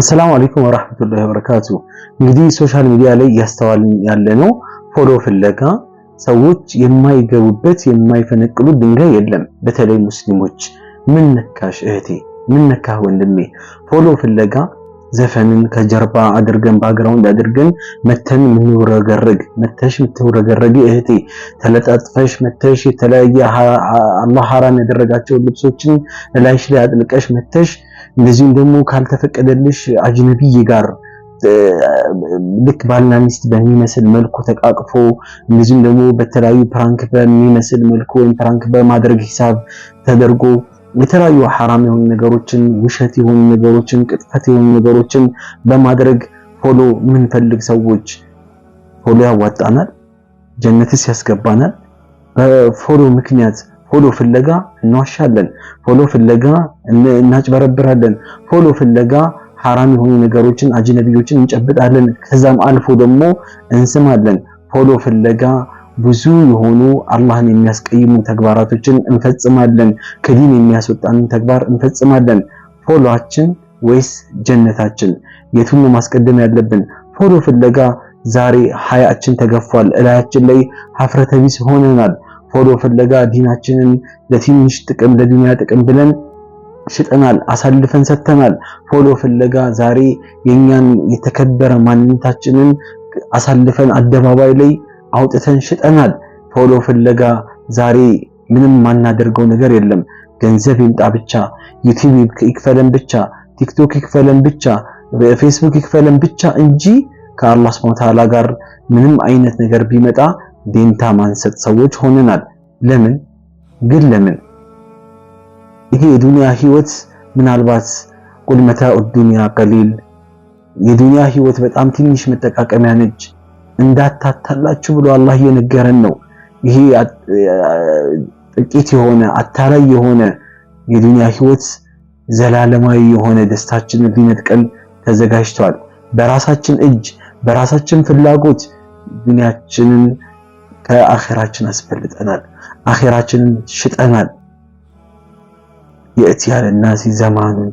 አሰላሙ አለይኩም ወራህመቱላሂ ወበረካቱ። እንግዲህ ሶሻል ሚዲያ ላይ እያስተዋልን ያለነው ፎሎ ፍለጋ ሰዎች የማይገቡበት የማይፈነቅሉ ድንጋይ የለም። በተለይ ሙስሊሞች ምን ነካሽ እህቴ፣ ምን ነካህ ወንድሜ፣ ፎሎ ፍለጋ ዘፈንን ከጀርባ አድርገን ባግራውንድ አድርገን መተን የምንውረገረግ መተሽ የምትውረገረግ እህቴ ተለጣጥፈሽ መተሽ የተለያየ አላህ ሐራም ያደረጋቸውን ልብሶችን ላይሽ ላይ አጥልቀሽ መተሽ እንደዚሁም ደግሞ ካልተፈቀደልሽ አጅነቢዬ ጋር ልክ ባልና ሚስት በሚመስል መልኩ ተቃቅፎ እንደዚሁም ደግሞ በተለያዩ ፕራንክ በሚመስል መልኩ ወይም ፕራንክ በማድረግ ሂሳብ ተደርጎ የተለያዩ ሐራም የሆኑ ነገሮችን፣ ውሸት የሆኑ ነገሮችን፣ ቅጥፈት የሆኑ ነገሮችን በማድረግ ፎሎ የምንፈልግ ሰዎች ፎሎ ያዋጣናል፣ ጀነትስ ያስገባናል። በፎሎ ምክንያት ፎሎ ፍለጋ እንዋሻለን፣ ፎሎ ፍለጋ እናጭበረብራለን፣ ፎሎ ፍለጋ ሐራም የሆኑ ነገሮችን አጅነቢዎችን እንጨብጣለን። ከዛም አልፎ ደግሞ እንስማለን። ፎሎ ፍለጋ ብዙ የሆኑ አላህን የሚያስቀይሙ ተግባራቶችን እንፈጽማለን። ከዲን የሚያስወጣን ተግባር እንፈጽማለን። ፎሎአችን ወይስ ጀነታችን? የቱን ማስቀደም ያለብን? ፎሎ ፍለጋ ዛሬ ሀያችን ተገፏል። እላያችን ላይ ሀፍረተቢስ ሆነናል። ሆዶ ፍለጋ ዲናችንን ለትንሽ ጥቅም ለዱንያ ጥቅም ብለን ሽጠናል፣ አሳልፈን ሰጥተናል። ሆዶ ፍለጋ ዛሬ የኛን የተከበረ ማንነታችንን አሳልፈን አደባባይ ላይ አውጥተን ሽጠናል። ሆዶ ፍለጋ ዛሬ ምንም ማናደርገው ነገር የለም። ገንዘብ ይምጣ ብቻ፣ ዩቲዩብ ይክፈለን ብቻ፣ ቲክቶክ ይክፈለን ብቻ፣ ፌስቡክ ይክፈለን ብቻ እንጂ ከአላህ ሱብሃነሁ ወተዓላ ጋር ምንም አይነት ነገር ቢመጣ ዴንታ ማንሰጥ ሰዎች ሆነናል። ለምን ግን ለምን? ይሄ የዱንያ ህይወት ምናልባት ቁልመታ ዱንያ ቀሊል የዱንያ ህይወት በጣም ትንሽ መጠቃቀሚያ ነች፣ እንዳታታላችሁ ብሎ አላህ እየነገረን ነው። ይሄ ጥቂት የሆነ አታላይ የሆነ የዱንያ ህይወት ዘላለማዊ የሆነ ደስታችንን ሊነጥቀን ተዘጋጅቷል። በራሳችን እጅ በራሳችን ፍላጎት ዱንያችንን ከአኼራችን አስፈልጠናል። አኼራችንን ሽጠናል። የእትያን ናሲ ዘማኑን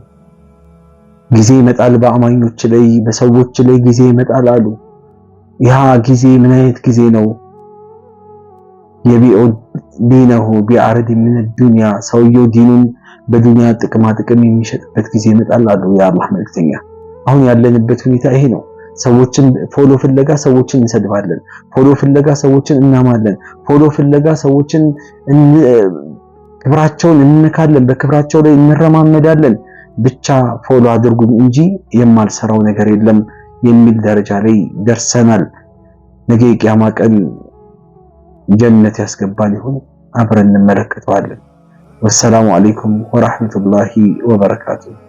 ጊዜ ይመጣል፣ በአማኞች ላይ በሰዎች ላይ ጊዜ ይመጣል አሉ። ያ ጊዜ ምን አይነት ጊዜ ነው? የቢኦ ዲነሁ ቢአረድ ምን ዱንያ ሰውየው ዲኑን በዱንያ ጥቅማ ጥቅም የሚሸጥበት ጊዜ ይመጣል አሉ የአላህ መልክተኛ አሁን ያለንበት ሁኔታ ይሄ ነው። ሰዎችን ፎሎ ፍለጋ ሰዎችን እንሰድባለን። ፎሎ ፍለጋ ሰዎችን እናማለን። ፎሎ ፍለጋ ሰዎችን ክብራቸውን እንነካለን። በክብራቸው ላይ እንረማመዳለን። ብቻ ፎሎ አድርጉኝ እንጂ የማልሰራው ነገር የለም የሚል ደረጃ ላይ ደርሰናል። ነገ የቂያማ ቀን ጀነት ያስገባን ይሁን አብረን እንመለከተዋለን። ወሰላሙ አለይኩም ወራህመቱላሂ ወበረካቱ።